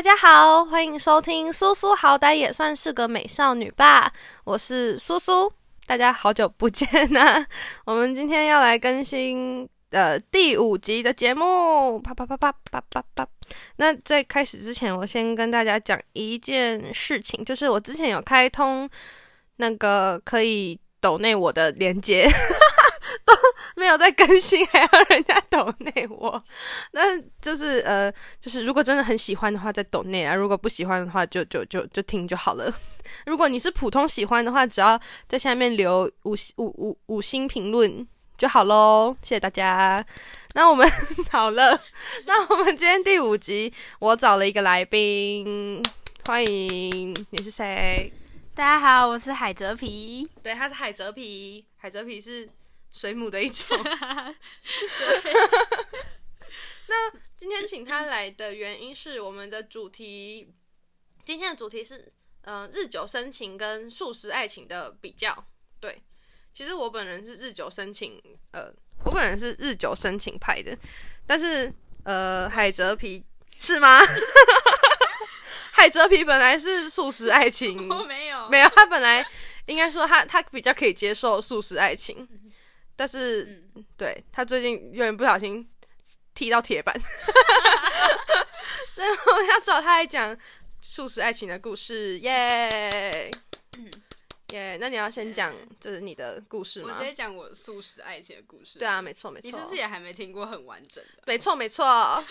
大家好，歡迎收聽《蘇蘇好歹也算是個美少女吧》，我是蘇蘇，大家好久不見吶！我們今天要來更新呃第五集的節目，啪啪啪啪啪啪啪。那在開始之前，我先跟大家講一件事情，就是我之前有開通那個可以抖內我的連接。 都沒有在更新，還要人家抖內我，那就是呃，就是如果真的很喜歡的話，再抖內啊；如果不喜歡的話，就就就就聽就好了。如果你是普通喜歡的話，只要在下面留五五五五星評論就好嘍。謝謝大家。那我們好了，那我們今天第五集，我找了一個來賓，歡迎你是誰？大家好，我是海蜇皮。對，他是海蜇皮。海蜇皮是。水母的一種， 對。 那今天請他來的原因是，我們的主題今天的主題是，呃，日久生情跟速食愛情的比較。對，其實我本人是日久生情，呃，我本人是日久生情派的。但是，呃，海蜇皮是嗎？ 海蜇皮本來是速食愛情，我沒有，沒有。他本來應該說他他比較可以接受速食愛情。但是，嗯、對他最近有點不小心踢到鐵板， 所以我要找他來講速食愛情的故事，耶、yeah! 嗯，耶。Yeah, 那你要先講就是你的故事嗎？我直接講我速食愛情的故事。對啊，沒錯沒錯。你是不是也還沒聽過很完整的？沒錯沒錯，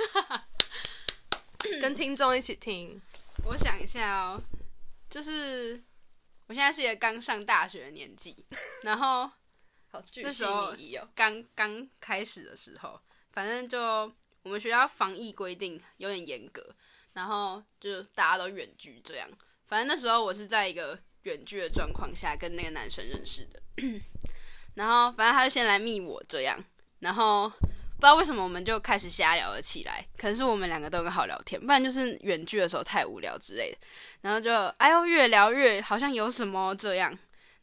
跟聽眾一起聽 。我想一下哦，就是我現在是一個剛上大學的年紀，然後。好哦，那時候剛剛開始的時候，反正就我們學校防疫規定有點嚴格，然後就大家都遠距這樣。反正那時候我是在一個遠距的狀況下跟那個男生認識的， 然後反正他就先來密我這樣，然後不知道為什麼我們就開始瞎聊了起來，可能是我們兩個都很好聊天，不然就是遠距的時候太無聊之類的。然後就哎呦越越，越聊越好像有什麼這樣，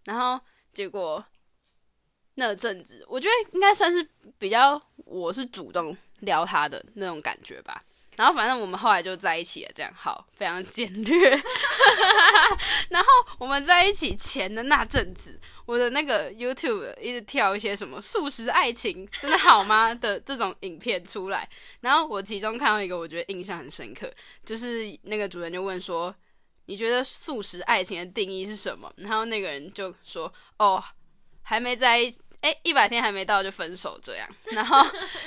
然後結果。那陣子，我覺得應該算是比較，我是主動撩他的那種感覺吧。然後反正我們後來就在一起了，這樣好，非常簡略。 然後我們在一起前的那陣子，我的那個 YouTube 一直跳一些什麼“速食愛情真的好嗎”的這種影片出來。然後我其中看到一個，我覺得印象很深刻，就是那個主人就問說：“你覺得速食愛情的定義是什麼？”然後那個人就說：“哦，還沒在一。”哎，一百天還沒到就分手，這樣，然後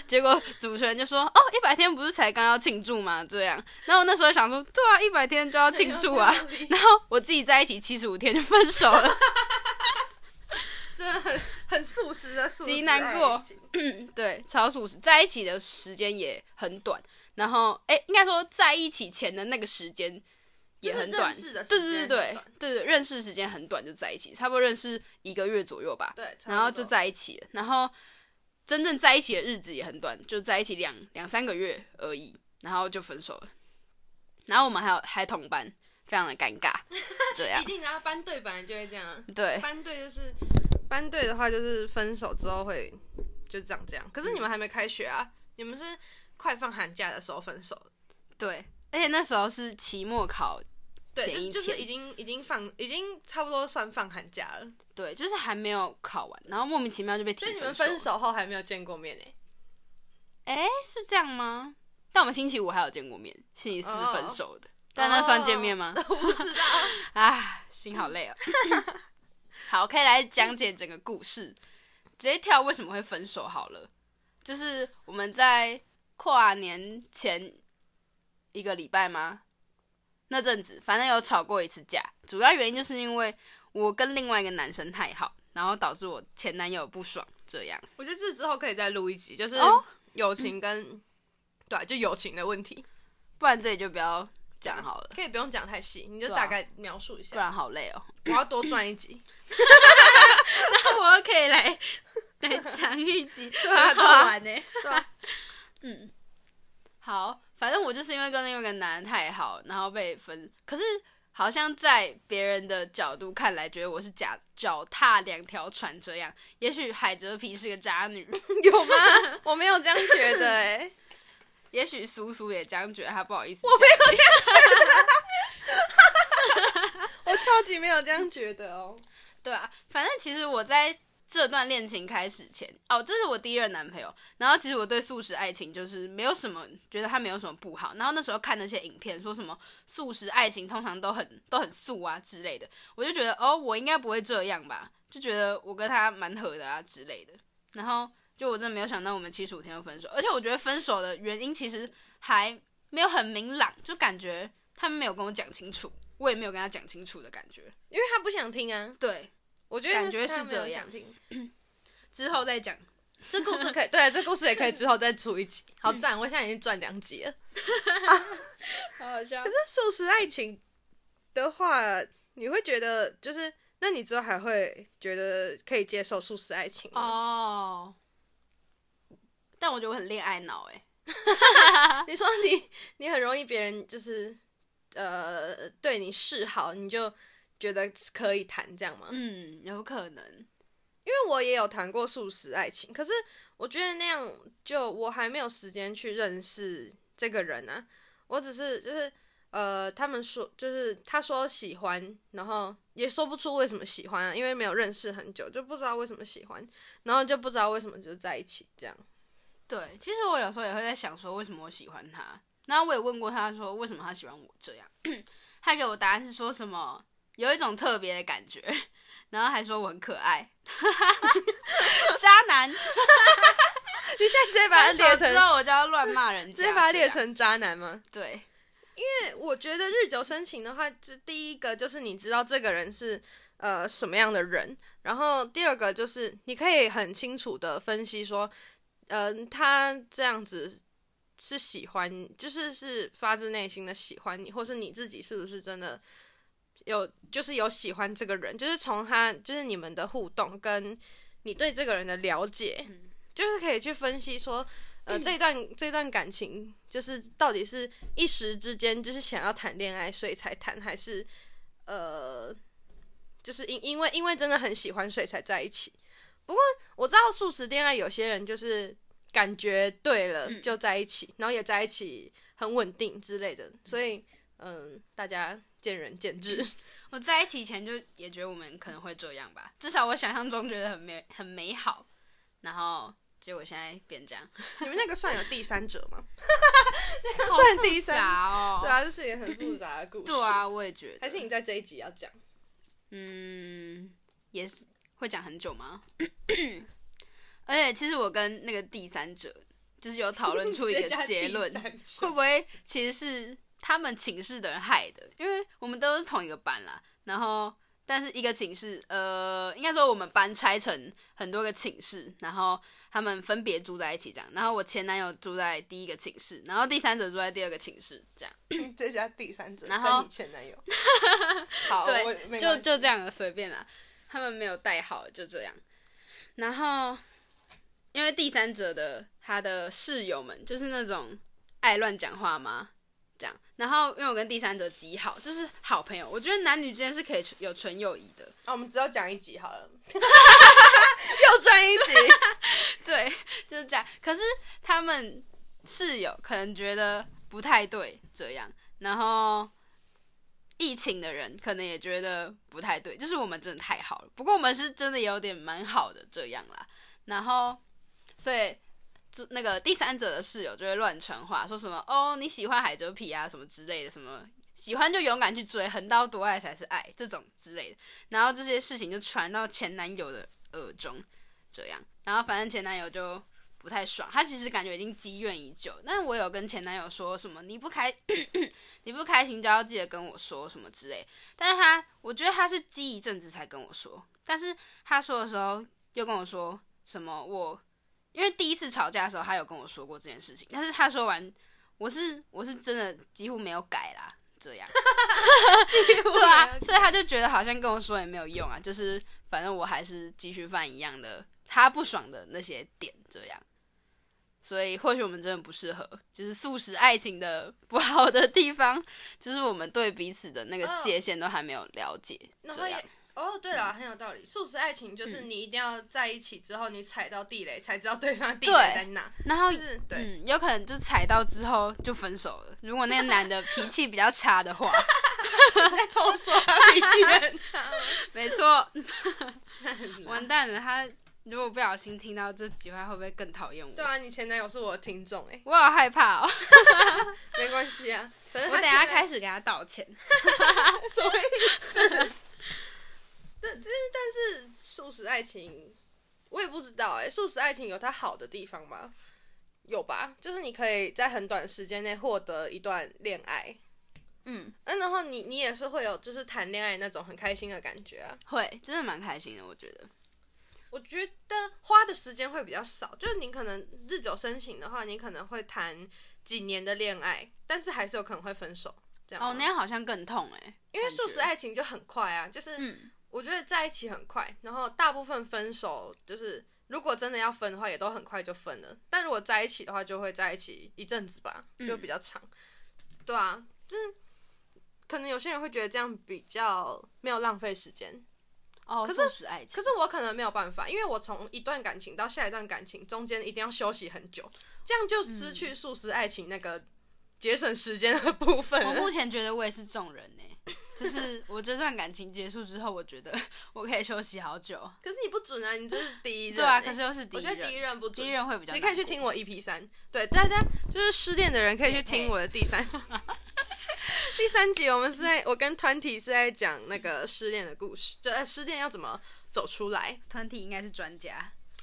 結果主持人就說：“ 哦，一百天不是才剛要慶祝嗎？”這樣，然後那時候想說：“對啊，一百天就要慶祝啊！”哎、然後我自己在一起七十五天就分手了， 真的很很速食的速食極難過， 對，超速食，在一起的時間也很短，然後哎，應該說在一起前的那個時間。也很短認識的短對對對對對，對，認識時間很短，就在一起，差不多認識一個月左右吧。對，然後就在一起了。然後真正在一起的日子也很短，就在一起兩兩三個月而已，然後就分手了。然後我們還有還同班，非常的尷尬。對啊， 一定然後、啊、班對本來就會這樣。對，班對就是班對的話就是分手之後會就這樣這樣。可是你們還沒開學啊，嗯、你們是快放寒假的時候分手的。對。而且那時候是期末考，對、就是，就是已經已經放已經差不多算放寒假了，對，就是還沒有考完，然後莫名其妙就被提分手了。那你們分手後還沒有見過面誒、欸？哎、欸，是這樣嗎？但我們星期五還有見過面，星期四分手的，oh, 但那算見面嗎？Oh, oh, oh, oh, 我不知道 啊，心好累哦。 好，可以來講解整個故事，直接跳為什麼會分手好了。就是我們在跨年前。一個禮拜嗎？那陣子反正有吵過一次架，主要原因就是因為我跟另外一個男生太好，然後導致我前男友不爽。這樣，我覺得這之後可以再錄一集，就是友情跟、哦、對就友情的問題，不然這裡就不要講好了，可以不用講太細，你就大概描述一下，啊、不然好累哦。我要多賺一集， 然後我可以來來講一集，對啊、對啊，對嗯、啊，好。反正我就是因為跟另外個男的太好，然後被分。可是好像在別人的角度看來，覺得我是假腳踏兩條船這樣。也許海蜇皮是個渣女，有嗎？我沒有這樣覺得。欸，也許蘇蘇也這樣覺得，他不好意思。我沒有這樣覺得，我超級沒有這樣覺得哦、喔。對啊，反正其實我在。這段戀情開始前，哦，這是我第一任男朋友。然後其實我對速食愛情就是沒有什麼，覺得他沒有什麼不好。然後那時候看那些影片，說什麼速食愛情通常都很都很速啊之類的，我就覺得哦，我應該不會這樣吧，就覺得我跟他蠻合的啊之類的。然後就我真的沒有想到我們七十五天就分手，而且我覺得分手的原因其實還沒有很明朗，就感覺他們沒有跟我講清楚，我也沒有跟他講清楚的感覺，因為他不想聽啊。對。我覺得感覺是，是聽這樣，之後再講 這故事可以，對、啊，這故事也可以之後再出一集，好贊！ 我現在已經賺兩集了，啊、好好笑。可是速食愛情的話，你會覺得就是，那你之後還會覺得可以接受速食愛情哦，oh, 但我覺得我很戀愛腦哎、欸， 你說你你很容易別人就是呃對你示好，你就。覺得可以談這樣嗎？嗯，有可能，因為我也有談過速食愛情，可是我覺得那樣就我還沒有時間去認識這個人啊。我只是就是呃，他們說就是他說喜歡，然後也說不出為什麼喜歡啊，因為沒有認識很久，就不知道為什麼喜歡，然後就不知道為什麼就在一起這樣。對，其實我有時候也會在想說為什麼我喜歡他，然後我也問過他說為什麼他喜歡我這樣， 他給我答案是說什麼？有一種特別的感覺，然後還說我很可愛， 渣男。 你現在直接把他列成，知道我就要亂罵人。直接把他列成渣男嗎？男嗎，對，因為我覺得日久生情的話，就第一個就是你知道這個人是呃什麼樣的人，然後第二個就是你可以很清楚的分析說，嗯、呃，他這樣子是喜歡，就是是發自內心的喜歡你，或是你自己是不是真的？有就是有喜歡這個人，就是從他就是你們的互動，跟你對這個人的了解，嗯、就是可以去分析說，呃，嗯、這段這段感情就是到底是一時之間就是想要談戀愛所以才談，還是呃，就是因因為因為真的很喜歡所以才在一起。不過我知道速食戀愛，有些人就是感覺對了就在一起，嗯、然後也在一起很穩定之類的，所以嗯、呃，大家。見仁見智。 我在一起前就也覺得我們可能會這樣吧，至少我想象中覺得很美很美好，然後結果現在變這樣。 你們那個算有第三者嗎？哈哈哈哈，算第三者？哦、對啊，這、就是也很複雜的故事。 對啊，我也覺得。還是你在這一集要講？ 嗯，也是會講很久嗎？ 而且其實我跟那個第三者就是有討論出一個結論， 會不會其實是？他們寢室的人害的，因為我們都是同一個班啦。然後，但是一個寢室，呃，應該說我們班拆成很多個寢室，然後他們分別住在一起這樣。然後我前男友住在第一個寢室，然後第三者住在第二個寢室這樣。嗯、這叫第三者。然後你前男友。哈哈哈，好，對就就這樣，隨便啦。他們沒有代號，就這樣。然後，因為第三者的他的室友們就是那種愛亂講話嘛。這樣，然後因為我跟第三者極好，就是好朋友。我覺得男女之間是可以有純友誼的。哦，我們只要講一集好了， 又賺一集。 對，就是這樣。可是他們室友可能覺得不太對這樣，然後疫情的人可能也覺得不太對，就是我們真的太好了。不過我們是真的有點蠻好的這樣啦。然後，所以。就那個第三者的室友就會亂傳話，說什麼哦，你喜歡海蜇皮啊什麼之類的，什麼喜歡就勇敢去追，橫刀奪愛才是愛這種之類的。然後這些事情就傳到前男友的耳中，這樣。然後反正前男友就不太爽，他其實感覺已經積怨已久。但是我有跟前男友說什麼，你不開 你不開心就要記得跟我說什麼之類。但是他，我覺得他是積一陣子才跟我說，但是他說的時候又跟我說什麼我。因為第一次吵架的時候，他有跟我說過這件事情，但是他說完，我是我是真的幾乎沒有改啦，這樣， 幾乎 對啊，所以他就覺得好像跟我說也沒有用啊，就是反正我還是繼續犯一樣的，他不爽的那些點這樣，所以或許我們真的不適合，就是速食愛情的不好的地方，就是我們對彼此的那個界限都還沒有了解這樣。哦，對了，很有道理。速食愛情就是你一定要在一起之後，你踩到地雷才知道對方地雷在哪。然後就是對，有可能就踩到之後就分手了。如果那個男的脾氣比較差的話，偷說他脾氣很差。沒錯，完蛋了。他如果不小心聽到這幾句話，會不會更討厭我？對啊，你前男友是我的聽眾哎，我好害怕哦。沒關係啊，我等下開始給他道歉。所以。但但但是速食愛情，我也不知道欸。速食愛情有它好的地方嗎？有吧，就是你可以在很短時間內獲得一段戀愛。嗯，那然後你你也是會有就是談戀愛那種很開心的感覺啊，會真的蠻開心的。我覺得，我覺得花的時間會比較少，就是你可能日久生情的話，你可能會談幾年的戀愛，但是還是有可能會分手。這樣哦，那樣好像更痛欸，因為速食愛情就很快啊，就是嗯。我覺得在一起很快，然後大部分分手就是如果真的要分的話，也都很快就分了。但如果在一起的話，就會在一起一陣子吧，就比較長。嗯、對啊，就是可能有些人會覺得這樣比較沒有浪費時間。哦，可是，速食愛情。可是我可能沒有辦法，因為我從一段感情到下一段感情中間一定要休息很久，這樣就失去速食愛情那個節省時間的部分。嗯、 我目前覺得我也是這種人呢、欸。就是我這段感情結束之後，我覺得我可以休息好久。可是你不準啊，你這是第一任、欸！對啊，可是又是第一任。我覺得第一任不準，第一任會比較。你可以去聽我 EP 3，對，大家就是失戀的人可以去聽我的第三。 第三集我們是在我跟團體是在講那個失戀的故事，就失戀要怎麼走出來。團體應該是專家，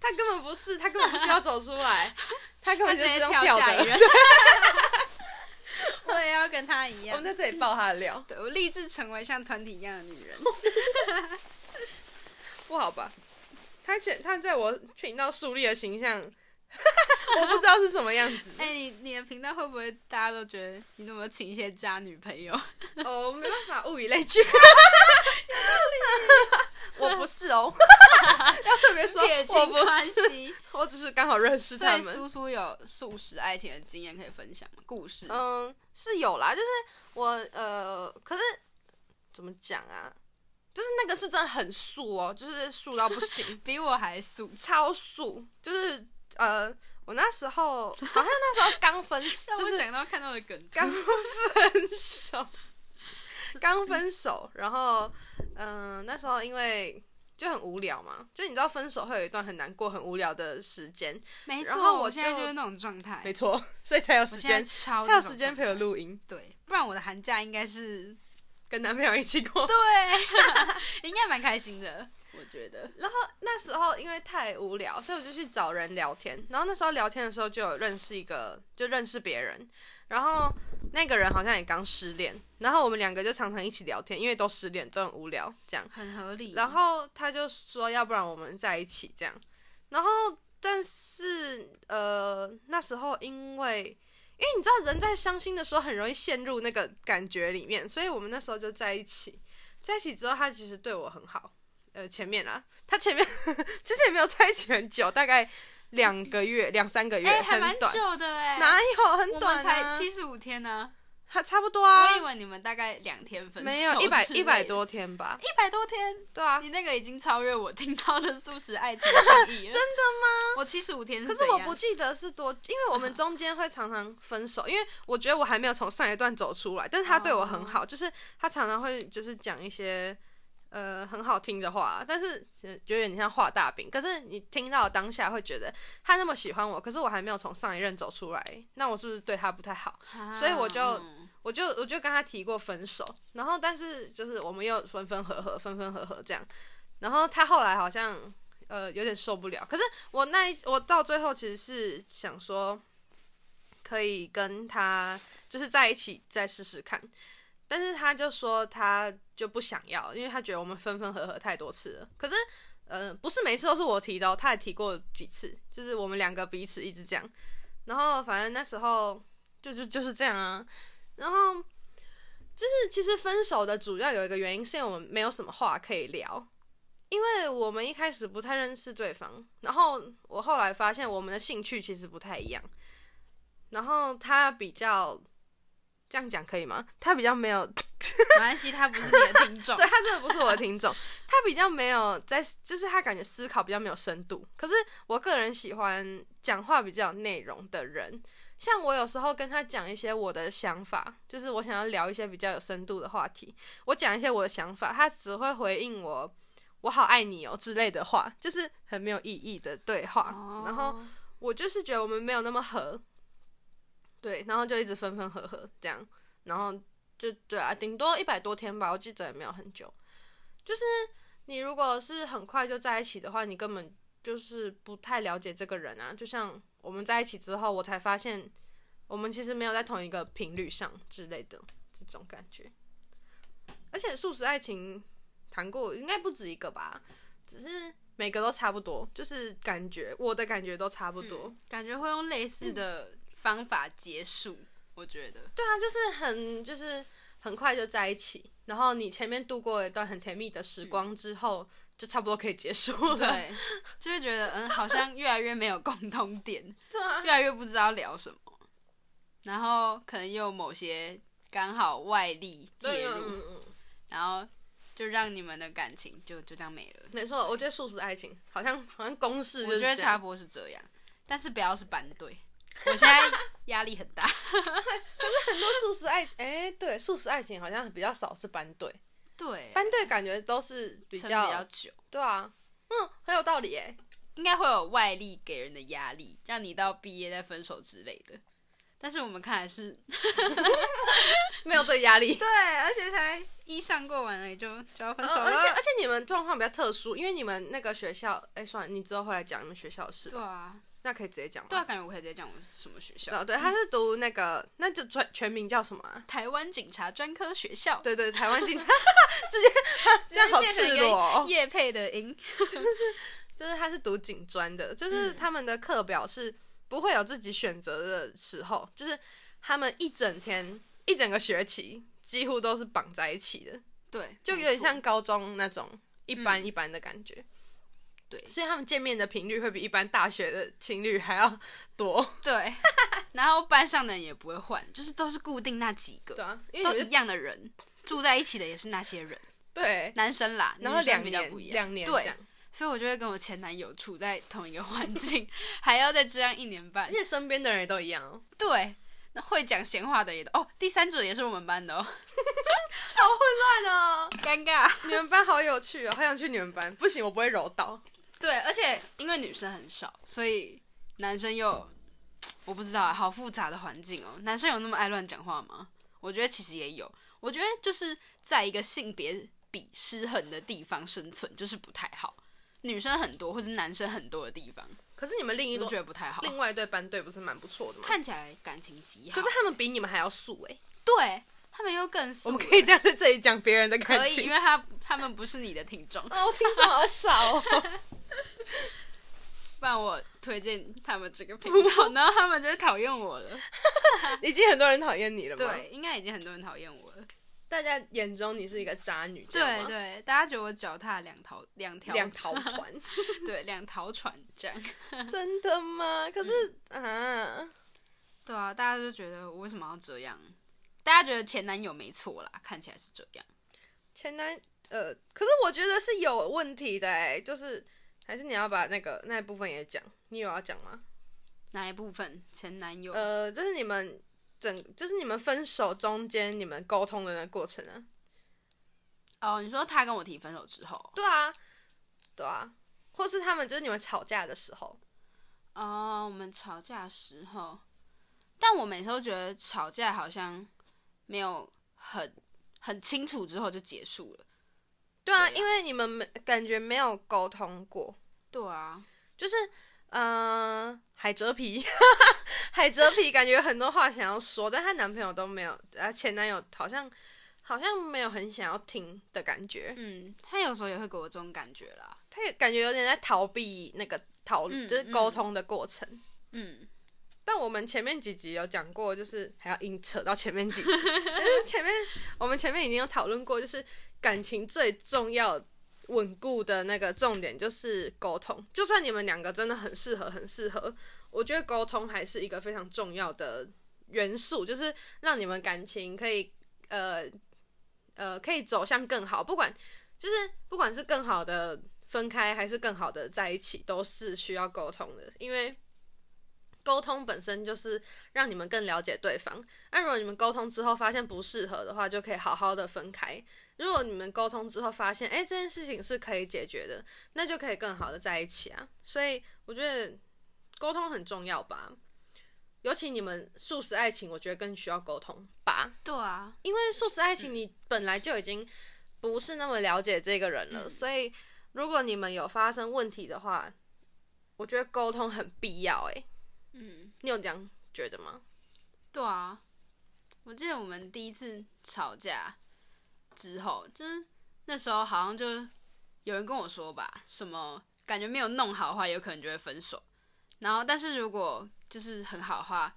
他根本不是，他根本不需要走出來，他根本就是用跳的。 我也要跟她一樣，我們在這裡爆她的料。對，我立志成為像團體一樣的女人， 不好吧？他在她在我頻道樹立的形象。 我不知道是什麼樣子。哎、欸，你你的頻道會不會大家都覺得你怎麼請一些渣女朋友？哦，沒辦法，物以類聚。我不是哦。 要特別說，我不是，我只是剛好認識他們。蘇蘇有速食愛情的經驗可以分享故事？嗯，是有啦，就是我呃，可是怎麼講啊？就是那個是真的很速哦，就是速到不行， 比我還速，超速，就是。呃，我那時候好像那時候剛分手，要想 到看到的梗。剛分手，剛分手，然後嗯、呃，那時候因為就很無聊嘛，就你知道分手會有一段很難過、很無聊的時間。沒錯，然後我，我現在就是那種狀態。沒錯，所以才有時間，才有時間陪我錄音。對，不然我的寒假應該是跟男朋友一起過。對， 應該蠻開心的。我覺得，然後那時候因為太無聊，所以我就去找人聊天。然後那時候聊天的時候，就有認識一個，就認識別人。然後那個人好像也剛失戀，然後我們兩個就常常一起聊天，因為都失戀都很無聊，這樣很合理。然後他就說，要不然我們在一起這樣。然後但是呃，那時候因為，因為你知道人在傷心的時候很容易陷入那個感覺裡面，所以我們那時候就在一起。在一起之後，他其實對我很好。前面啊，他前面其實也沒有在一起很久，大概兩個月、兩三個月，還蠻久的哎，哪有很短，才七十五天呢。啊，還差不多啊。我以為你們大概兩天分手，沒有一百一百多天吧，一百多天，對啊，你那個已經超越我聽到的速食愛情的憶 真的嗎？我七十五天，可是我不記得是多，因為我們中間會常常分手，因為我覺得我還沒有從上一段走出來，但是他對我很好，哦，就是他常常會就是講一些。呃，很好聽的話，但是覺得有點像畫大餅。可是你聽到當下會覺得他那麼喜歡我，可是我還沒有從上一任走出來，那我是不是對他不太好？啊，所以我就，我就，我就跟他提過分手。然後，但是就是我們又分分合合，分分合合這樣。然後他後來好像呃有點受不了。可是我那一我到最後其實是想說，可以跟他就是在一起再試試看。但是他就說他就不想要，因為他覺得我們分分合合太多次了。可是，呃，不是每次都是我提的哦，他也提過幾次，就是我們兩個彼此一直這樣。然後，反正那時候就就就是這樣啊。然後，就是其實分手的主要有一個原因是因為我們沒有什麼話可以聊，因為我們一開始不太認識對方。然後我後來發現我們的興趣其實不太一樣，然後他比較。這樣講可以嗎？他比較沒有， 沒關係，他不是你的聽眾。 對，他真的不是我的聽眾， 他比較沒有在，就是他感覺思考比較沒有深度。可是我個人喜歡講話比較有內容的人，像我有時候跟他講一些我的想法，就是我想要聊一些比較有深度的話題，我講一些我的想法，他只會回應我“我好愛你哦”之類的話，就是很沒有意義的對話。Oh. 然後我就是覺得我們沒有那麼合。對，然後就一直分分合合這樣，然後就對啊，頂多一百多天吧，我記得也沒有很久。就是你如果是很快就在一起的話，你根本就是不太了解這個人啊。就像我們在一起之後，我才發現我們其實沒有在同一個頻率上之類的這種感覺。而且速食愛情談過應該不止一個吧，只是每個都差不多，就是感覺我的感覺都差不多，嗯、感覺會用類似的、嗯。方法結束，我覺得對啊，就是很就是很快就在一起，然後你前面度過一段很甜蜜的時光之後，嗯、就差不多可以結束了。對，就會覺得嗯，好像越來越沒有共同點，對啊，越來越不知道聊什麼， 然後可能又有某些剛好外力介入，嗯嗯嗯，然後就讓你們的感情就就這樣沒了。沒錯錯，對我覺得速食愛情好像好像公式，我覺得差不多是這樣，但是不要是班對。我現在壓力很大，可是很多速食愛，哎、欸，對，速食愛情好像比較少是班對，對，班對感覺都是比較，比較久，對啊，嗯，很有道理哎，應該會有外力給人的壓力，讓你到畢業再分手之類的，但是我們看來是 沒有這個壓力， 對，而且才一上過完了你就就要分手，呃、而且而且你們狀況比較特殊，因為你們那個學校，哎、欸，算了，你之後回來講你們學校的事，對啊。那可以直接講。對、啊，感覺我可以直接講我是什麼學校。啊、哦，對，嗯、他是讀那個，那就全全名叫什麼、啊？台灣警察專科學校。對，對對，台灣警察 直接這樣 好赤裸哦。業配的音， 就是就是他是讀警專的，就是他們的課表是不會有自己選擇的時候，嗯、就是他們一整天一整個學期幾乎都是綁在一起的，對，就有點像高中那種一般一般的感覺。嗯對，所以他們見面的頻率會比一般大學的情侶還要多。對， 然後班上的人也不會換，就是都是固定那幾個，對、啊，因為、就是、都一樣的人住在一起的，也是那些人。對，男生啦，然後兩年，兩年，年對，所以我就會跟我前男友處在同一個環境， 還要再這樣一年半，因為身邊的人也都一樣、哦。對，那會講閒話的人也都哦，第三者也是我們班的哦， 好混亂哦，尷尬。 你們班好有趣哦，好想去你們班，不行，我不會柔道。對，而且因為女生很少，所以男生又有我不知道、啊，好複雜的環境哦。男生有那麼愛亂講話嗎？我覺得其實也有。我覺得就是在一個性別比失衡的地方生存就是不太好。女生很多或者男生很多的地方，可是你們另一個覺得不太好，另外一對班對不是蠻不錯的嗎？看起來感情極好，欸，可是他們比你們還要素哎，欸。對他們又更素。我們可以這樣在這裡講別人的感情， 可以，因為他他們不是你的聽眾。 哦，我聽眾好少哦。 不然我推薦他們這個頻道， 然後他們就會討厭我了。 已經很多人討厭你了嗎？對，應該已經很多人討厭我了。大家眼中你是一個渣女，對對，大家覺得我腳踏兩條兩條兩條船， 對，兩條船這樣。 真的嗎？可是、嗯、啊，對啊，大家就覺得我為什麼要這樣？大家覺得前男友沒錯啦，看起來是這樣。前男呃，可是我覺得是有問題的哎、欸，就是。還是你要把那個那一部分也講？你有要講嗎？哪一部分？前男友？呃，就是你們整，就是你們分手中間你們溝通的那個過程呢？哦，你說他跟我提分手之後？對啊，對啊，或是他們就是你們吵架的時候？哦，我們吵架時候，但我每次都覺得吵架好像沒有很很清楚之後就結束了。對啊，對啊，因為你們沒感覺，沒有溝通過。對啊，就是嗯、呃，海蜇皮， 海蜇皮感覺很多話想要說， 但她男朋友都沒有，她前男友好像好像沒有很想要聽的感覺。嗯，她有時候也會給我這種感覺啦，她也感覺有點在逃避那個討論，嗯、就是溝通的過程。嗯，嗯，但我們前面幾集有講過，就是還要硬扯到前面幾集，就 是前面我們前面已經有討論過，就是。感情最重要、穩固的那個重點就是溝通。就算你們兩個真的很適合、很適合，我覺得溝通還是一個非常重要的元素，就是讓你們感情可以呃呃可以走向更好。不管就是不管是更好的分開，還是更好的在一起，都是需要溝通的。因為溝通本身就是讓你們更了解對方啊。那如果你們溝通之後發現不適合的話，就可以好好的分開。如果你們溝通之後發現，哎，這件事情是可以解決的，那就可以更好的在一起啊。所以我覺得溝通很重要吧，尤其你們速食愛情，我覺得更需要溝通吧。對啊，因為速食愛情你本來就已經不是那麼了解這個人了，嗯、所以如果你們有發生問題的話，我覺得溝通很必要、欸。哎，嗯，你有這樣覺得嗎？對啊，我記得我們第一次吵架。之後就是那時候好像就有人跟我說吧，什麼感覺沒有弄好的話，有可能就會分手。然後，但是如果就是很好的話，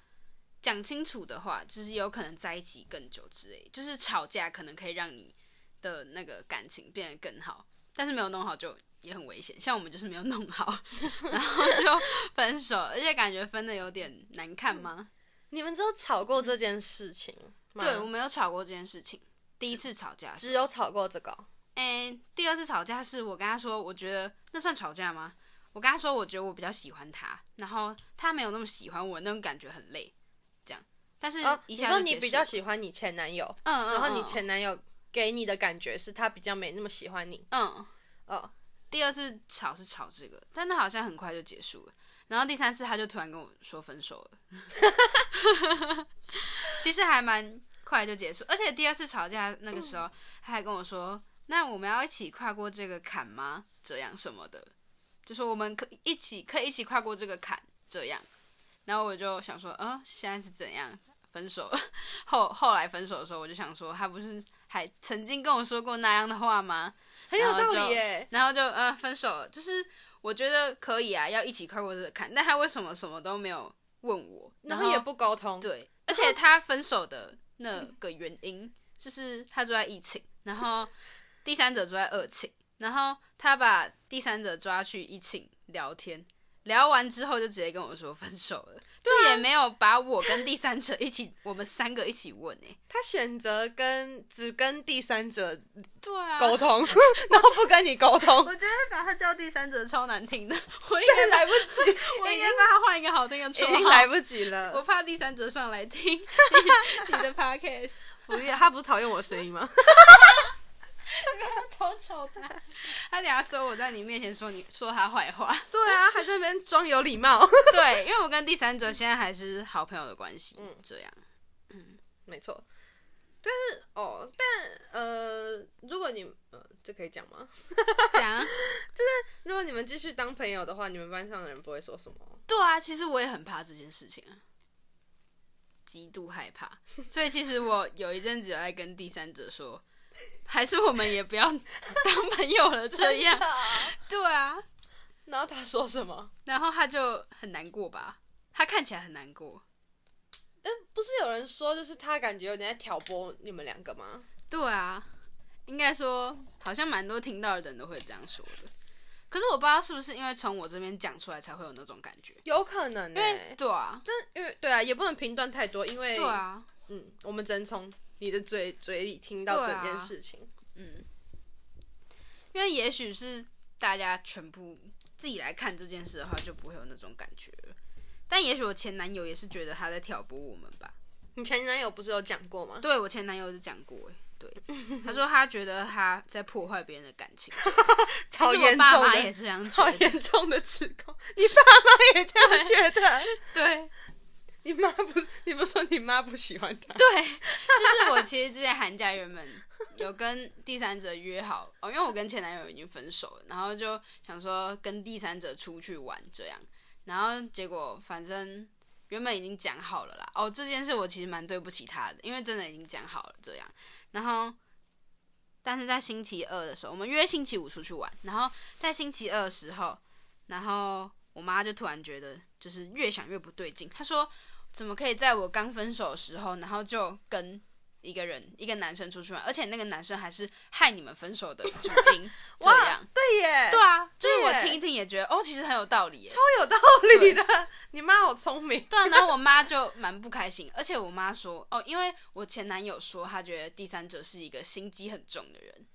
講清楚的話，就是有可能在一起更久之類。就是吵架可能可以讓你的那個感情變得更好，但是沒有弄好就也很危險。像我們就是沒有弄好， 然後就分手，而且感覺分的有點難看嗎？嗯，你們有吵過這件事情嗎？對，我沒有吵過這件事情。第一次吵架只有吵過這個，嗯、欸，第二次吵架是我跟他說，我覺得那算吵架嗎？我跟他說，我覺得我比較喜歡他，然後他沒有那麼喜歡我，那種感覺很累，這樣。但是、哦、你說你比較喜歡你前男友，嗯嗯，嗯然後你前男友給你的感覺是他比較沒那麼喜歡你，嗯哦。第二次吵是吵這個，但他好像很快就結束了，然後第三次他就突然跟我說分手了，哈哈哈哈哈。其實還蠻。快就結束，而且第二次吵架那個時候，嗯、他還跟我說：“那我們要一起跨過這個坎嗎？這樣什麼的，就是我們可一起可以一起跨過這個坎，這樣。”然後我就想說：“嗯、呃，現在是怎樣？分手後後來分手的時候，我就想說，他不是還曾經跟我說過那樣的話嗎？很有道理耶、欸。然後就呃分手了，就是我覺得可以啊，要一起跨過這個坎。但他為什麼什麼都沒有問我，然後，然後也不溝通？對，而且他分手的。那個原因就是他住在一寢，然後第三者住在二寢，然後他把第三者抓去一寢聊天，聊完之後就直接跟我說分手了。啊、就也沒有把我跟第三者一起， 我們三個一起問呢、欸。他選擇跟只跟第三者對啊溝通， 然後不跟你溝通我。我覺得把他叫第三者超難聽的，我也來不及，我已經幫他換一個好聽的已，已經來不及了，我怕第三者上來聽 你的 podcast。不， 他不是討厭我聲音嗎？ 偷瞅他，他等下說我在你面前說你 說他壞話。對啊，還在那邊裝有禮貌。 對，因為我跟第三者現在還是好朋友的關係。嗯，這樣。嗯，沒錯。但是哦，但呃，如果你呃，這可以講嗎？講 講，就是如果你們繼續當朋友的話，你們班上的人不會說什麼。對啊，其實我也很怕這件事情啊，極度害怕。所以其實我有一陣子有在跟第三者說。還是我們也不要當朋友了，這樣 啊 對啊。然後他說什麼？然後他就很難過吧？他看起來很難過。不是有人說，就是他感覺有點在挑撥你們兩個嗎？對啊，應該說好像蠻多聽到的人都會這樣說的。可是我不知道是不是因為從我這邊講出來才會有那種感覺。有可能、欸，對對啊，但因為對啊，也不能評斷太多，因為對啊，嗯，我們真從你的嘴嘴裡聽到整件事情，啊、嗯，因為也許是大家全部自己來看這件事的話，就不會有那種感覺了。但也許我前男友也是覺得他在挑撥我們吧。你前男友不是有講過嗎？對，我前男友是講過、欸，對， 他說他覺得他在破壞別人的感情，好嚴重的，好嚴重的指控，你爸媽也這樣覺得，對。對你媽不，你不說你媽不喜歡他？對，就是我其實之前寒假原本有跟第三者約好，哦，因為我跟前男友已經分手了，然後就想說跟第三者出去玩這樣，然後結果反正原本已經講好了啦，哦，這件事我其實蠻對不起他的，因為真的已經講好了這樣，然後但是在星期二的時候，我們約星期五出去玩，然後在星期二的時候，然後我媽就突然覺得就是越想越不對勁，她說。怎麼可以在我剛分手的時候，然後就跟一個人、一個男生出去玩，而且那個男生還是害你們分手的主因這樣？哇對耶，對啊，對耶就是我聽一聽也覺得，哦，其實很有道理，超有道理的。對你媽好聰明。對，然後我媽就蠻不開心，而且我媽說，哦，因為我前男友說他覺得第三者是一個心機很重的人。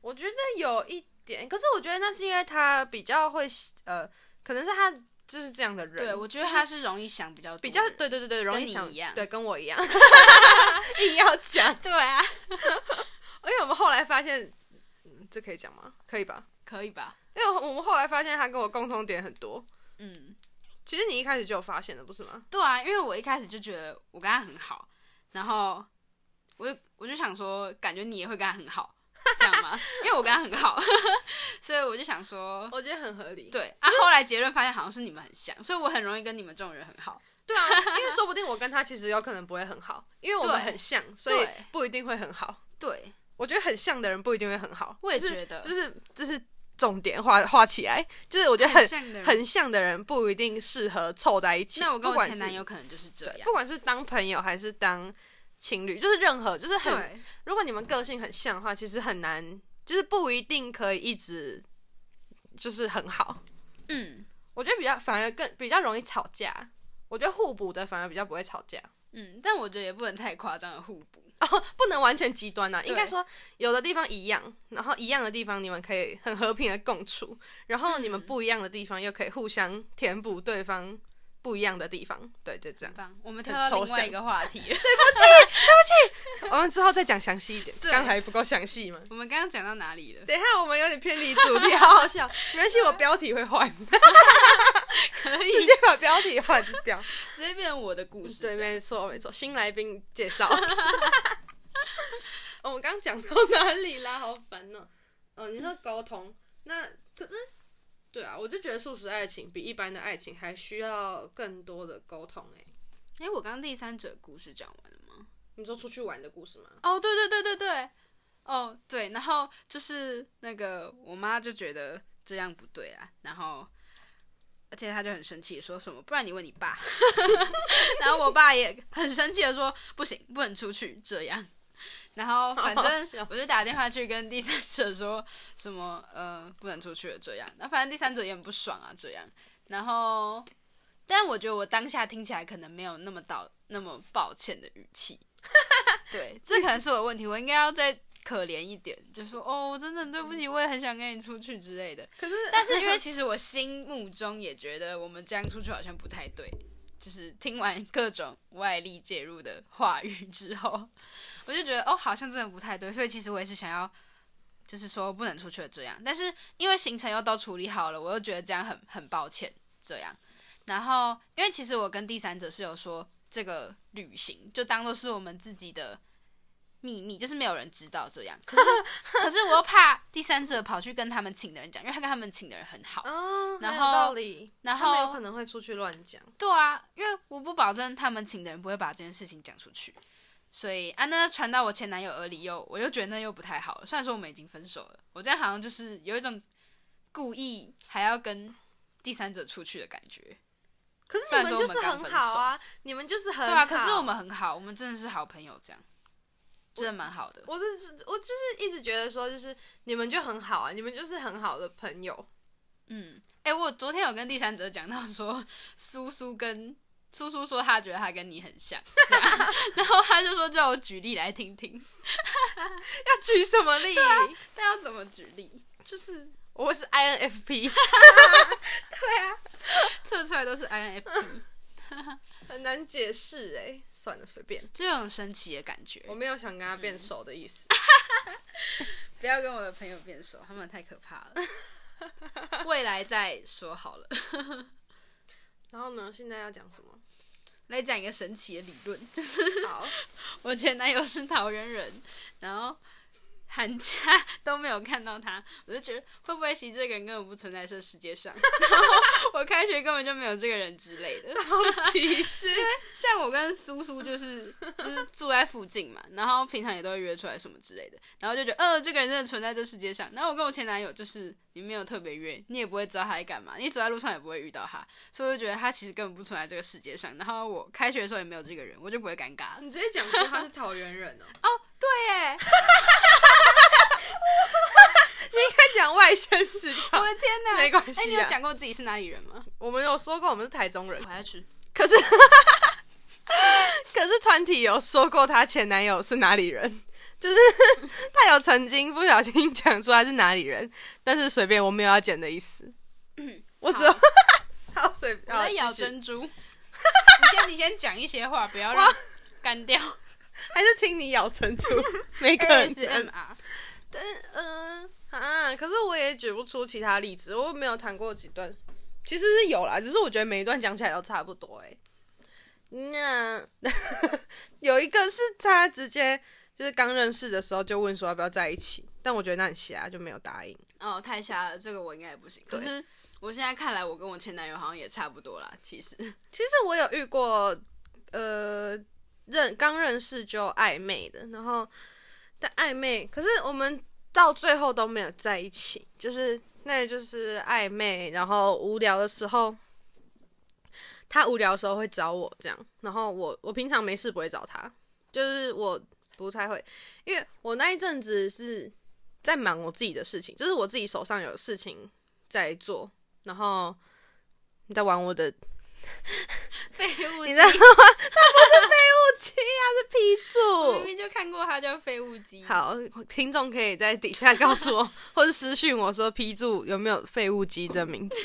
我覺得有一點，可是我覺得那是因為他比較會，呃，可能是他。就是這樣的人，對，我覺得他是容易想比較多，就是，比較對對對對，容易想，跟你一樣對，跟我一樣， 硬要講講，對啊， 因為我們後來發現，嗯、這可以講嗎？可以吧？可以吧？因為我們後來發現他跟我共同點很多，嗯，其實你一開始就有發現了，不是嗎？對啊，因為我一開始就覺得我跟他很好，然後我就我就想說，感覺你也會跟他很好。 這樣嗎？因為我跟他很好， 所以我就想說，我覺得很合理。對啊，就是 後來結論發現好像是你們很像，所以我很容易跟你們這種人很好。對啊，因為說不定我跟他其實有可能不會很好，因為我們很像，所以不一定會很好。對，對 我覺得很像的人不一定會很好。我也覺得，就是就是重點畫畫起來，就是我覺得很很像的人不一定適合湊在一起。那我跟我前男友可能就是這樣，不，不管是當朋友還是當。情侶就是任何，就是很，對如果你們個性很像的話，其實很難，就是不一定可以一直，就是很好。嗯，我覺得比較反而更比較容易吵架。我覺得互補的反而比較不會吵架。嗯，但我覺得也不能太誇張的互補哦，oh, 不能完全極端啊。對應該說，有的地方一樣，然後一樣的地方你們可以很和平的共處，然後你們不一樣的地方又可以互相填補對方。不一樣的地方，對對，這樣。我們跳到另外一個話題了抽 對不起，對不起，我們之後再講詳細一點，剛對才不夠詳細嗎？我們剛剛講到哪裡了？等一下，我們有點偏離主題，好好笑。沒關係，啊、我標題會換。可 以直接把標題換掉，可以 直接變成我的故事。對，沒錯，沒錯，新來賓介紹。 我們剛講到哪裡啦？好煩呢、喔。哦，你說溝通、嗯、那？對啊，我就覺得速食愛情比一般的愛情還需要更多的溝通誒、欸欸，我剛剛第三者故事講完了嗎？你說出去玩的故事嗎？哦，對對對對對，哦對，然後就是那個我媽就覺得這樣不對啊，然後而且她就很生氣，說什麼不然你問你爸。 然後我爸也很生氣地說不行，不能出去這樣。然後反正我就打電話去跟第三者說什麼呃，不能出去了這樣，啊，那反正第三者也很不爽啊這樣。然後，但我覺得我當下聽起來可能沒有那麼到那麼抱歉的語氣，哈哈哈，對，這可能是我的問題，我應該要再可憐一點，就說哦我真的對不起，我也很想跟你出去之類的。可是，但是因為其實我心目中也覺得我們這樣出去好像不太對。就是聽完各種外力介入的話語之後，我就覺得哦，好像真的不太對。所以其實我也是想要，就是說不能出去了這樣。但是因為行程又都處理好了，我又覺得這樣很很抱歉這樣。然後因為其實我跟第三者是有說，這個旅行就當做是我們自己的。秘密就是沒有人知道這樣，可是 可是我又怕第三者跑去跟他們請的人講，因為他跟他們請的人很好，嗯、哦，然後道理然後他有可能會出去亂講，對啊，因為我不保證他們請的人不會把這件事情講出去，所以啊，那傳到我前男友耳裡又我又覺得那又不太好了。雖然說我們已經分手了，我這樣好像就是有一種故意還要跟第三者出去的感覺。可是你們就是很好啊，你們就是很好對，可是我們很好，我們真的是好朋友這樣。真的蠻好的，我是我，我就是一直覺得說就是你們就很好啊，你們就是很好的朋友，嗯，哎、欸，我昨天有跟第三者講到說，蘇蘇跟蘇蘇說他覺得他跟你很像，啊、 然後他就說叫我舉例來聽聽， 要舉什麼例？那、啊、要怎麼舉例？就是我是 INFP， 對啊，測、啊、 出來都是 INFP， 很難解釋誒、欸。算了，隨便。這種神奇的感覺。我沒有想跟他變熟的意思。嗯、 不要跟我的朋友變熟，他們太可怕了。 未來再說好了。 然後呢？現在要講什麼？來講一個神奇的理論，就是……好， 我前男友是桃園人，人，然後。寒假都沒有看到他，我就覺得會不會其實這個人根本不存在這個世界上，然後我開學根本就沒有這個人之類的。其實 像我跟蘇蘇就是就是住在附近嘛，然後平常也都會約出來什麼之類的，然後就覺得，呃，這個人真的存在這個世界上。然後我跟我前男友就是你沒有特別約，你也不會知道他在幹嘛，你走在路上也不會遇到他，所以就覺得他其實根本不存在這個世界上。然後我開學的時候也沒有這個人，我就不會尷尬。你直接講說他是桃園人哦。 哦，對耶、欸。 外縣市講，我的天哪，沒關係。欸，你有講過自己是哪裡人嗎？我們有說過我們是台中人。我還要吃，可是，可是團體有說過她前男友是哪裡人，就是她有曾經不小心講出來是哪裡人，但是隨便，我沒有要剪的意思。我只有好隨便，我在咬珍珠。你先，你先講一些話，不要讓乾掉。還是聽你咬珍珠，沒可能。ASMR。但是，嗯。啊！可是我也舉不出其他例子，我沒有談過幾段，其實是有啦，只是我覺得每一段講起來都差不多欸。哎，那 有一個是他直接就是剛認識的時候就問說要不要在一起，但我覺得那很瞎，就沒有答應。哦，太瞎了，這個我應該也不行。對可是我現在看來，我跟我前男友好像也差不多啦。其實，其實我有遇過，呃，認剛認識就曖昧的，然後但曖昧，可是我們。到最後都沒有在一起，就是那，就是曖昧。然後無聊的時候，他無聊的時候會找我這樣，然後我我平常沒事不會找他，就是我不太會，因為我那一陣子是在忙我自己的事情，就是我自己手上有事情在做，然後你在玩我的。廢物， 你知道嗎？他不是廢物機，他 是批註。我明明就看過他叫廢物機。好，聽眾可以在底下告訴我， 或者私訊我說批註有沒有廢物機的名字。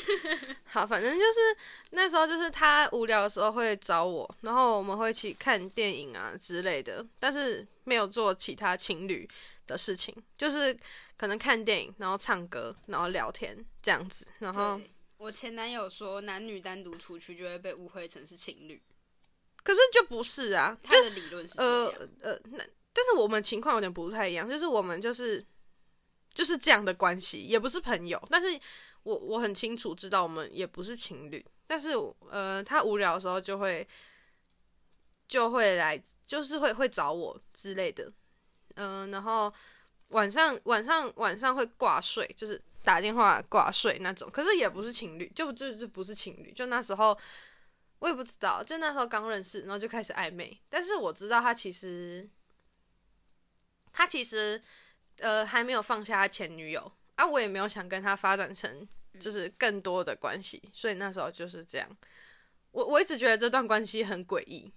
好，反正就是那時候，就是他無聊的時候會找我，然後我們會一起看電影啊之類的，但是沒有做其他情侶的事情，就是可能看電影，然後唱歌，然後聊天這樣子，然後。我前男友說，男女單獨出去就會被誤會成是情侶，可是就不是啊。就他的理論是呃呃，那、呃、但是我們情況有點不太一樣，就是我們就是就是這樣的關係，也不是朋友。但是我我很清楚知道我們也不是情侶。但是呃，他無聊的時候就會就會來，就是會會找我之類的。嗯、呃，然後晚上晚上晚上會掛睡，就是。打電話掛水那種，可是也不是情侶，就就就不是情侶。就那時候我也不知道，就那時候剛認識，然後就開始曖昧。但是我知道他其實，他其實呃還沒有放下他前女友啊，我也沒有想跟他發展成就是更多的關係，嗯、所以那時候就是這樣。我我一直覺得這段關係很詭異，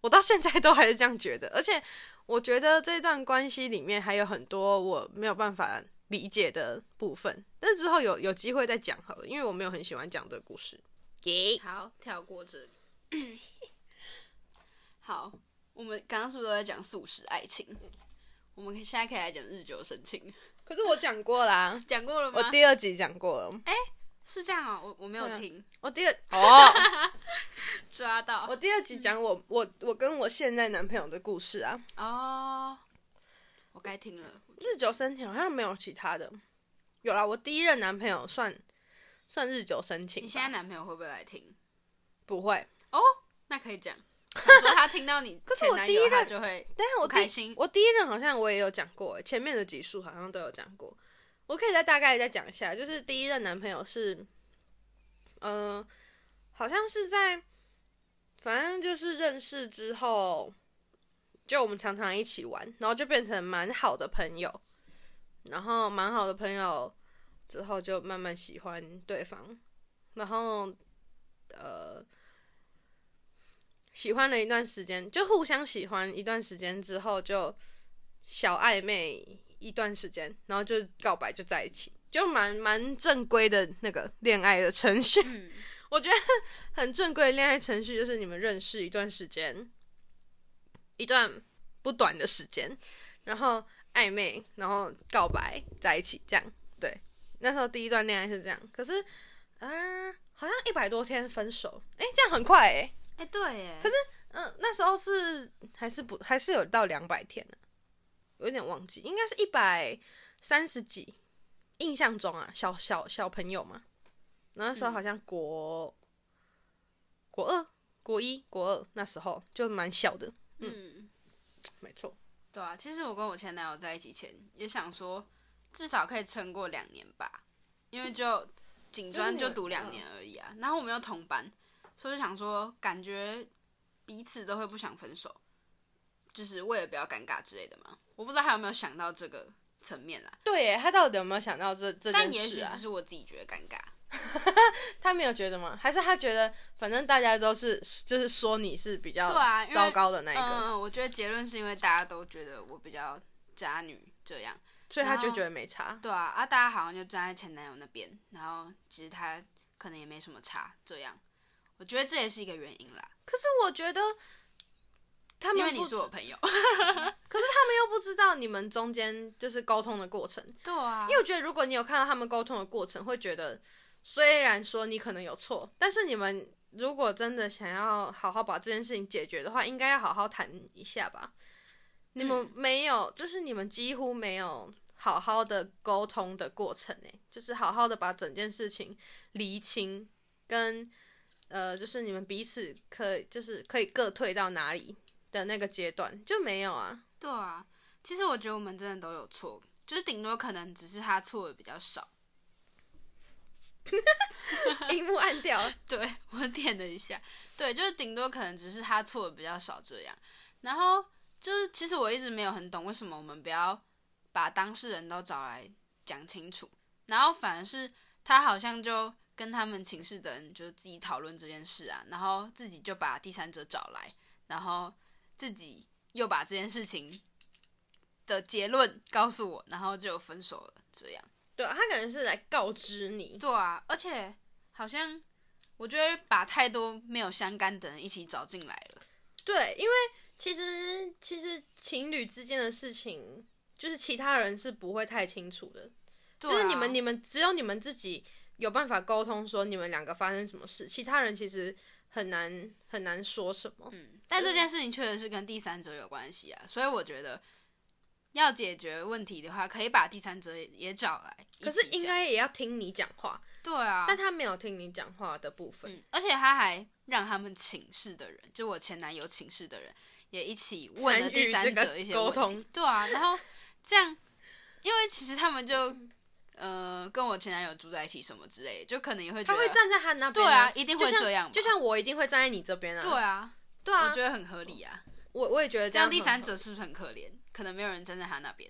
我到現在都還是這樣覺得。而且我覺得這段關係裡面還有很多我沒有辦法。理解的部分，但之後有有機會再講好了，因為我沒有很喜歡講的故事。Yeah. 好，跳過這裡。 好，我們剛剛是不是都在講速食愛情？我們可以現在可以來講日久生情？可是我講過啦，講 過了嗎？我第二集講過了。哎、欸，是這樣啊、喔，我我沒有聽。我第二哦，抓到！我第二集講我我 我跟我現在男朋友的故事啊。哦。Oh! 我該聽了，日久生情好像沒有其他的，有啦。我第一任男朋友算算日久生情。你現在男朋友會不會來聽？不會哦，那可以講。他說他聽到你， 可是我第一任就會，但是我開心。我第一任好像我也有講過，欸，前面的幾束好像都有講過。我可以再大概再講一下，就是第一任男朋友是，嗯、呃，好像是在，反正就是認識之後。就我們常常一起玩，然後就變成蠻好的朋友，然後蠻好的朋友之後就慢慢喜歡對方，然後呃喜歡了一段時間，就互相喜歡一段時間之後就小曖昧一段時間，然後就告白就在一起，就蠻蠻正規的那個戀愛的程序。嗯、 我覺得很正規的戀愛程序就是你們認識一段時間。一段不短的時間，然後曖昧，然後告白，在一起這樣。對，那時候第一段戀愛是這樣。可是，呃，好像一百多天分手，哎，這樣很快哎。對耶，可是，嗯、呃，那時候是還是不還是有到兩百天呢、啊，有點忘記，應該是一百三十幾。印象中啊，小小小朋友嘛，然後那時候好像國、嗯、國二、國一、國二，那時候就蠻小的。嗯，沒錯，對啊，其實我跟我前男友在一起前也想說，至少可以撐過兩年吧，因為就警專就讀兩年而已啊，然後我們又同班，所以就想說感覺彼此都會不想分手，就是為了不要尷尬之類的嘛，我不知道他有沒有想到這個層面啦。對，他到底有沒有想到這這件事啊，但也許只是我自己覺得尷尬。 他沒有覺得嗎？還是他覺得反正大家都是，就是說你是比較糟糕的那一個。嗯、啊呃、我覺得結論是因為大家都覺得我比較渣女這樣，所以他就覺，覺得沒差。對啊啊，大家好像就站在前男友那邊，然後其實他可能也沒什麼差這樣。我覺得這也是一個原因啦。可是我覺得他因為你是我朋友， 可是他們又不知道你們中間就是溝通的過程。對啊，因為我覺得如果你有看到他們溝通的過程，會覺得。雖然說你可能有錯，但是你們如果真的想要好好把這件事情解決的話，應該要好好談一下吧。嗯、你們沒有，就是你們幾乎沒有好好的溝通的過程哎、欸，就是好好的把整件事情釐清，跟、呃，就是你們彼此可以就是可以各退到哪裡的那個階段就沒有啊。對啊，其實我覺得我們真的都有錯，就是頂多可能只是他錯的比較少。屏 幕暗掉， 對，對我點了一下，對，就是頂多可能只是他錯的比較少這樣。然後就是，其實我一直沒有很懂為什麼我們不要把當事人都找來講清楚，然後反而是他好像就跟他們寢室的人就自己討論這件事啊，然後自己就把第三者找來，然後自己又把這件事情的結論告訴我，然後就分手了這樣。對啊，他可能是來告知你，對啊，而且好像我覺得把太多沒有相干的人一起找進來了。對，因為其實其實情侶之間的事情，就是其他人是不會太清楚的，對啊。就是你們你們只有你們自己有辦法溝通，說你們兩個發生什麼事，其他人其實很難很難說什麼。嗯，但這件事情確實是跟第三者有關係啊，所以我覺得。要解決問題的話，可以把第三者也，也找來。可是應該也要聽你講話。對啊，但他沒有聽你講話的部分、嗯，而且他還讓他們寢室的人，就我前男友寢室的人，也一起問了第三者一些溝通。對啊，然後這樣，因為其實他們就呃跟我前男友住在一起什麼之類的，就可能也會他會站在他那邊、啊。對啊，一定會這樣就。就像我一定會站在你這邊啊。對啊，對啊，對啊，我覺得很合理啊。我我也覺得這樣，這樣第三者是不是很可憐？可能沒有人站在他那邊，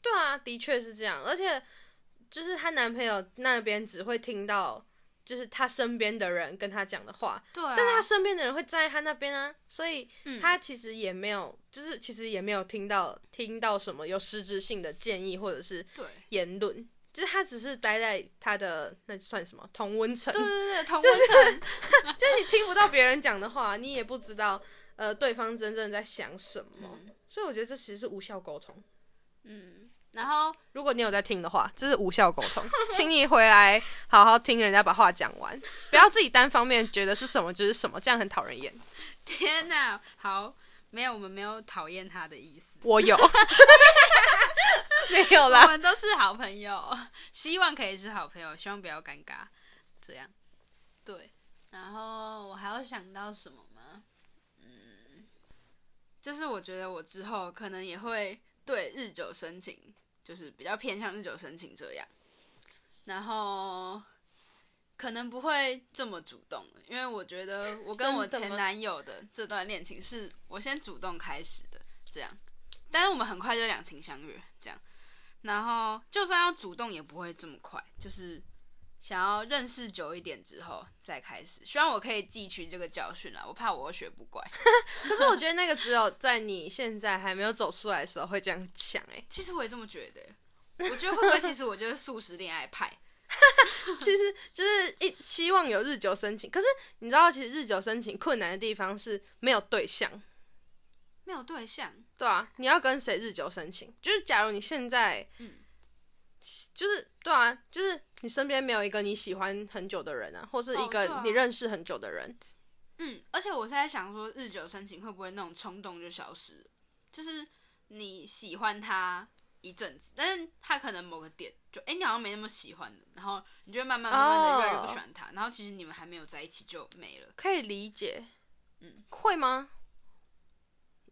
對啊，的確是這樣。而且就是她男朋友那邊只會聽到，就是他身邊的人跟他講的話。對、啊，但是他身邊的人會站在他那邊啊，所以他其實也沒有，嗯、就是其實也沒有聽到聽到什麼有實質性的建議或者是對言論，就是他只是待在他的那算什麼同溫層？對對對，同溫層，就是你聽不到別人講的話，你也不知道呃對方真正在想什麼。嗯所以我覺得這其實是無效溝通，嗯，然後如果你有在聽的話，這是無效溝通，請你 回來好好聽人家把話講完，不要自己單方面覺得是什麼就是什麼，這樣很討人厭。天哪，好，沒有，我們沒有討厭他的意思，我有， 沒有啦，我們都是好朋友，希望可以是好朋友，希望不要尷尬，這樣，對，然後我還要想到什麼嗎？就是我覺得我之後可能也會對日久生情，就是比較偏向日久生情這樣，然後可能不會這麼主動，因為我覺得我跟我前男友的這段戀情是我先主動開始的這樣，但是我們很快就兩情相悅這樣，然後就算要主動也不會這麼快，就是。想要認識久一點之後再開始，希望我可以汲取這個教訓了。我怕我學不乖。 可是我覺得那個只有在你現在還沒有走出來的時候會這樣想哎、欸。其實我也這麼覺得、欸。我覺得會不會其實我就是速食戀愛派？ 其實就是一希望有日久生情。可是你知道，其實日久生情困難的地方是沒有對象。沒有對象。對啊，你要跟誰日久生情？就是假如你現在。嗯就是對啊，就是你身邊沒有一個你喜歡很久的人啊，或是一個你認識很久的人。哦啊、嗯，而且我現在想說，日久生情會不會那種衝動就消失？就是你喜歡他一陣子，但是他可能某個點就哎，你好像沒那麼喜歡了，然後你就會慢慢慢慢的越來越不喜歡他，哦、然後其實你們還沒有在一起就沒了。可以理解，嗯，會嗎？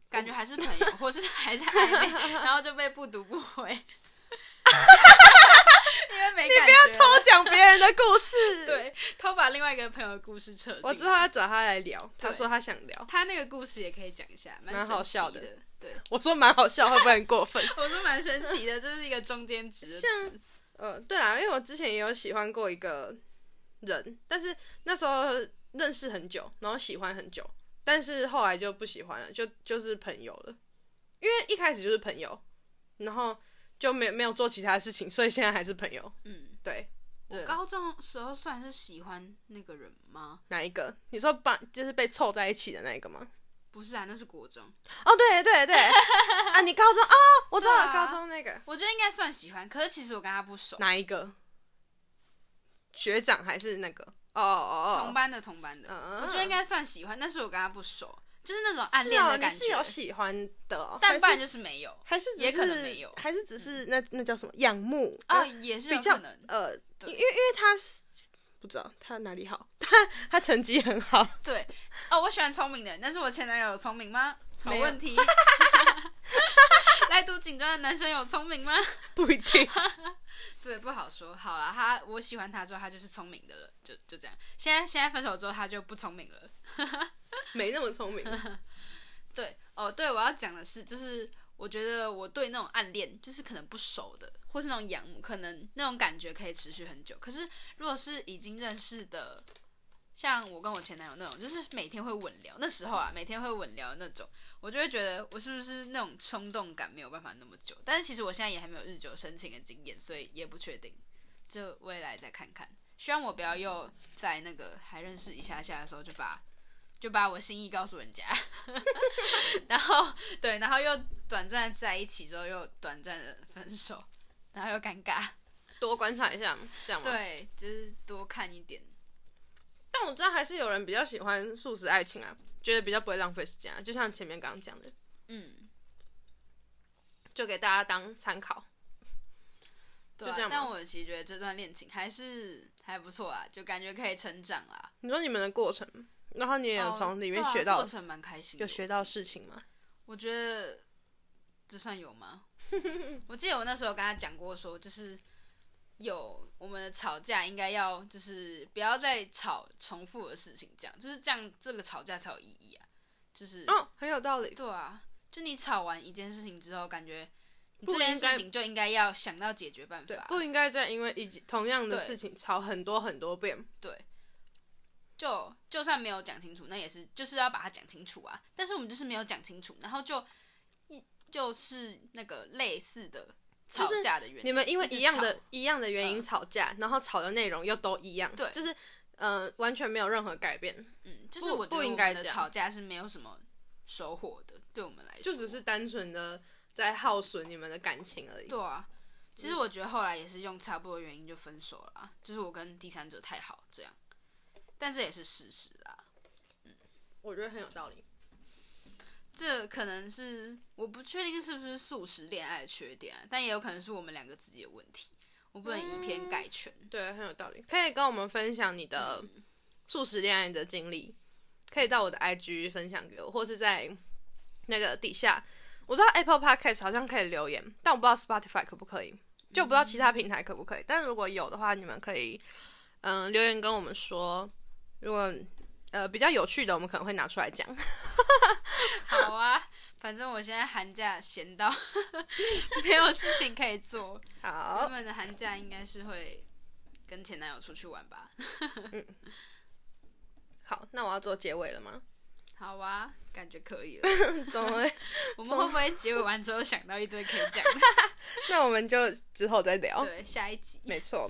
感覺還是朋友， 或是還在曖昧， 然後就被不讀不回。 你不要偷講別人的故事， 對，偷把另外一個朋友的故事扯。我之後要找他來聊，對他說他想聊，他那個故事也可以講一下，蠻好笑的。對，我說蠻好笑， 會不會很過分？ 我說蠻神奇的， 這是一個中間值的。像，呃，對啊，因為我之前也有喜歡過一個人，但是那時候認識很久，然後喜歡很久，但是後來就不喜歡了，就就是朋友了，因為一開始就是朋友，然後，就沒沒有做其他事情，所以現在還是朋友。嗯，對。我高中時候算是喜歡那個人嗎？哪一個？你說把就是被湊在一起的那一個嗎？不是啊，那是國中。哦，對對對 啊！你高中啊，哦，我知道了，高中那個，啊，我覺得應該算喜歡，可是其實我跟他不熟。哪一個？學長還是那個？哦哦哦，同班的同班的，uh huh. 我覺得應該算喜歡，但是我跟他不熟。就是那種暗戀的感覺，是有喜歡的，但不然就是沒有，還是也可能沒有，還是只是那那叫什麼仰慕啊，也是有可能。呃，因為因為他是不知道他哪裡好，他他成績很好。對哦，我喜歡聰明的人，但是我前男友有聰明嗎？好問題。來讀警專的男生有聰明嗎？不一定。對，不好說。好啦，他我喜歡他之後，他就是聰明的了，就就這樣。現在現在分手之後，他就不聰明了。沒那麼聰明， 對哦，對，我要講的是，就是我覺得我對那種暗戀，就是可能不熟的，或是那種仰慕，可能那種感覺可以持續很久。可是如果是已經認識的，像我跟我前男友那種，就是每天會穩聊，那時候啊，每天會穩聊那種，我就會覺得我是不是那種衝動感沒有辦法那麼久。但是其實我現在也還沒有日久生情的經驗，所以也不確定，就未來再看看。希望我不要又在那個還認識一下下的時候就把。就把我心意告訴人家， 然後對，然後又短暫在一起，之後又短暫的分手，然後又尷尬，多觀察一下，這樣嗎？對，就是多看一點。但我知道還是有人比較喜歡速食愛情啊，覺得比較不會浪費時間啊，就像前面剛剛講的，嗯，就給大家當參考，對、啊、這樣。但我其實覺得這段戀情還是還不錯啊，就感覺可以成長啊。你說你們的過程？然後你也有從裡面學到，哦、對啊、過程蠻開心，有學到事情嗎？我覺得這算有嗎？ 我記得我那時候跟他講過說，說就是有我們的吵架應該要就是不要再吵重複的事情，這樣就是這樣這個吵架才有意義啊！就是嗯、哦，很有道理。對啊，就你吵完一件事情之後，感覺你這件事情就應該要想到解決辦法不，不應該再因為以同樣的事情吵很多很多遍。對。就就算沒有講清楚，那也是就是要把它講清楚啊。但是我們就是沒有講清楚，然後就一就是那個類似的吵架的原因，你們因為一樣的一,一樣的原因吵架，嗯、然後吵的內容又都一樣，對，就是呃完全沒有任何改變。嗯，就是我不應該吵架是沒有什麼收穫的，對我們來說就只是單純的在耗損你們的感情而已。嗯。對啊，其實我覺得後來也是用差不多原因就分手了，嗯、就是我跟第三者太好這樣。但這也是事實啊。嗯，我覺得很有道理。嗯、這可能是我不確定是不是速食戀愛的缺點、啊，但也有可能是我們兩個自己的問題。我不能以偏概全、嗯。對，很有道理。可以跟我們分享你的速食戀愛的經歷，嗯、可以到我的 IG 分享給我，或是在那個底下。我知道 Apple Podcast 好像可以留言，但我不知道 Spotify 可不可以，就不知道其他平台可不可以。嗯、但是如果有的話，你們可以嗯、呃、留言跟我們說。如果呃比較有趣的，我們可能會拿出來講。 好啊，反正我現在寒假閒到 沒有事情可以做。好，他們的寒假應該是會跟前男友出去玩吧， 嗯。好，那我要做結尾了嗎？好啊，感覺可以了。總會，我們會不會結尾完之後想到一堆可以講的？ 那我們就之後再聊。對，下一集。沒錯。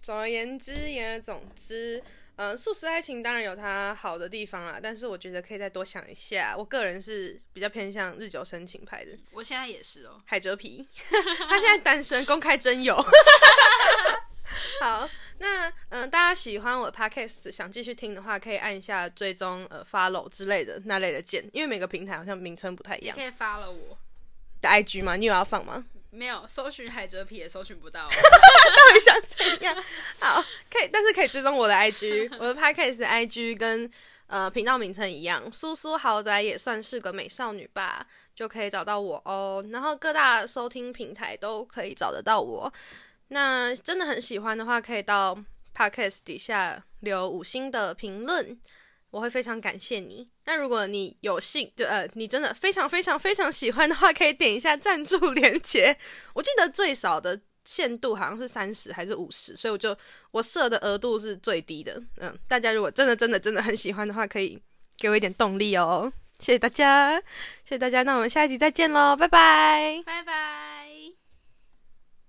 總而言之，言而總之。嗯、呃，速食愛情當然有它好的地方啦，但是我覺得可以再多想一下。我個人是比較偏向日久生情派的，我現在也是哦、喔。海蜇哲皮， 他現在單身， 公開徵友。 好，那嗯、呃，大家喜歡我的 podcast，想繼續聽的話，可以按一下追蹤呃 follow 之類的那類的鍵，因為每個平台好像名稱不太一樣。你可以發了我，的 IG 嗎？你有要放嗎？嗯沒有，搜尋海蜇皮也搜尋不到， 到底想怎樣？好，可以，但是可以追蹤我的 IG，我的 Podcast 的 IG 跟呃頻道名稱一樣，蘇蘇好歹也算是個美少女吧，就可以找到我哦。然後各大收聽平台都可以找得到我。那真的很喜歡的話，可以到 Podcast 底下留五星的評論。我會非常感謝你。那如果你有幸，就呃，你真的非常非常非常喜歡的話，可以點一下贊助連結。我記得最少的限度好像是三十還是五十，所以我就我設的額度是最低的。嗯，大家如果真的真的真的很喜歡的話，可以給我一點動力哦。謝謝大家，謝謝大家。那我們下一集再見嘍，拜拜，拜拜。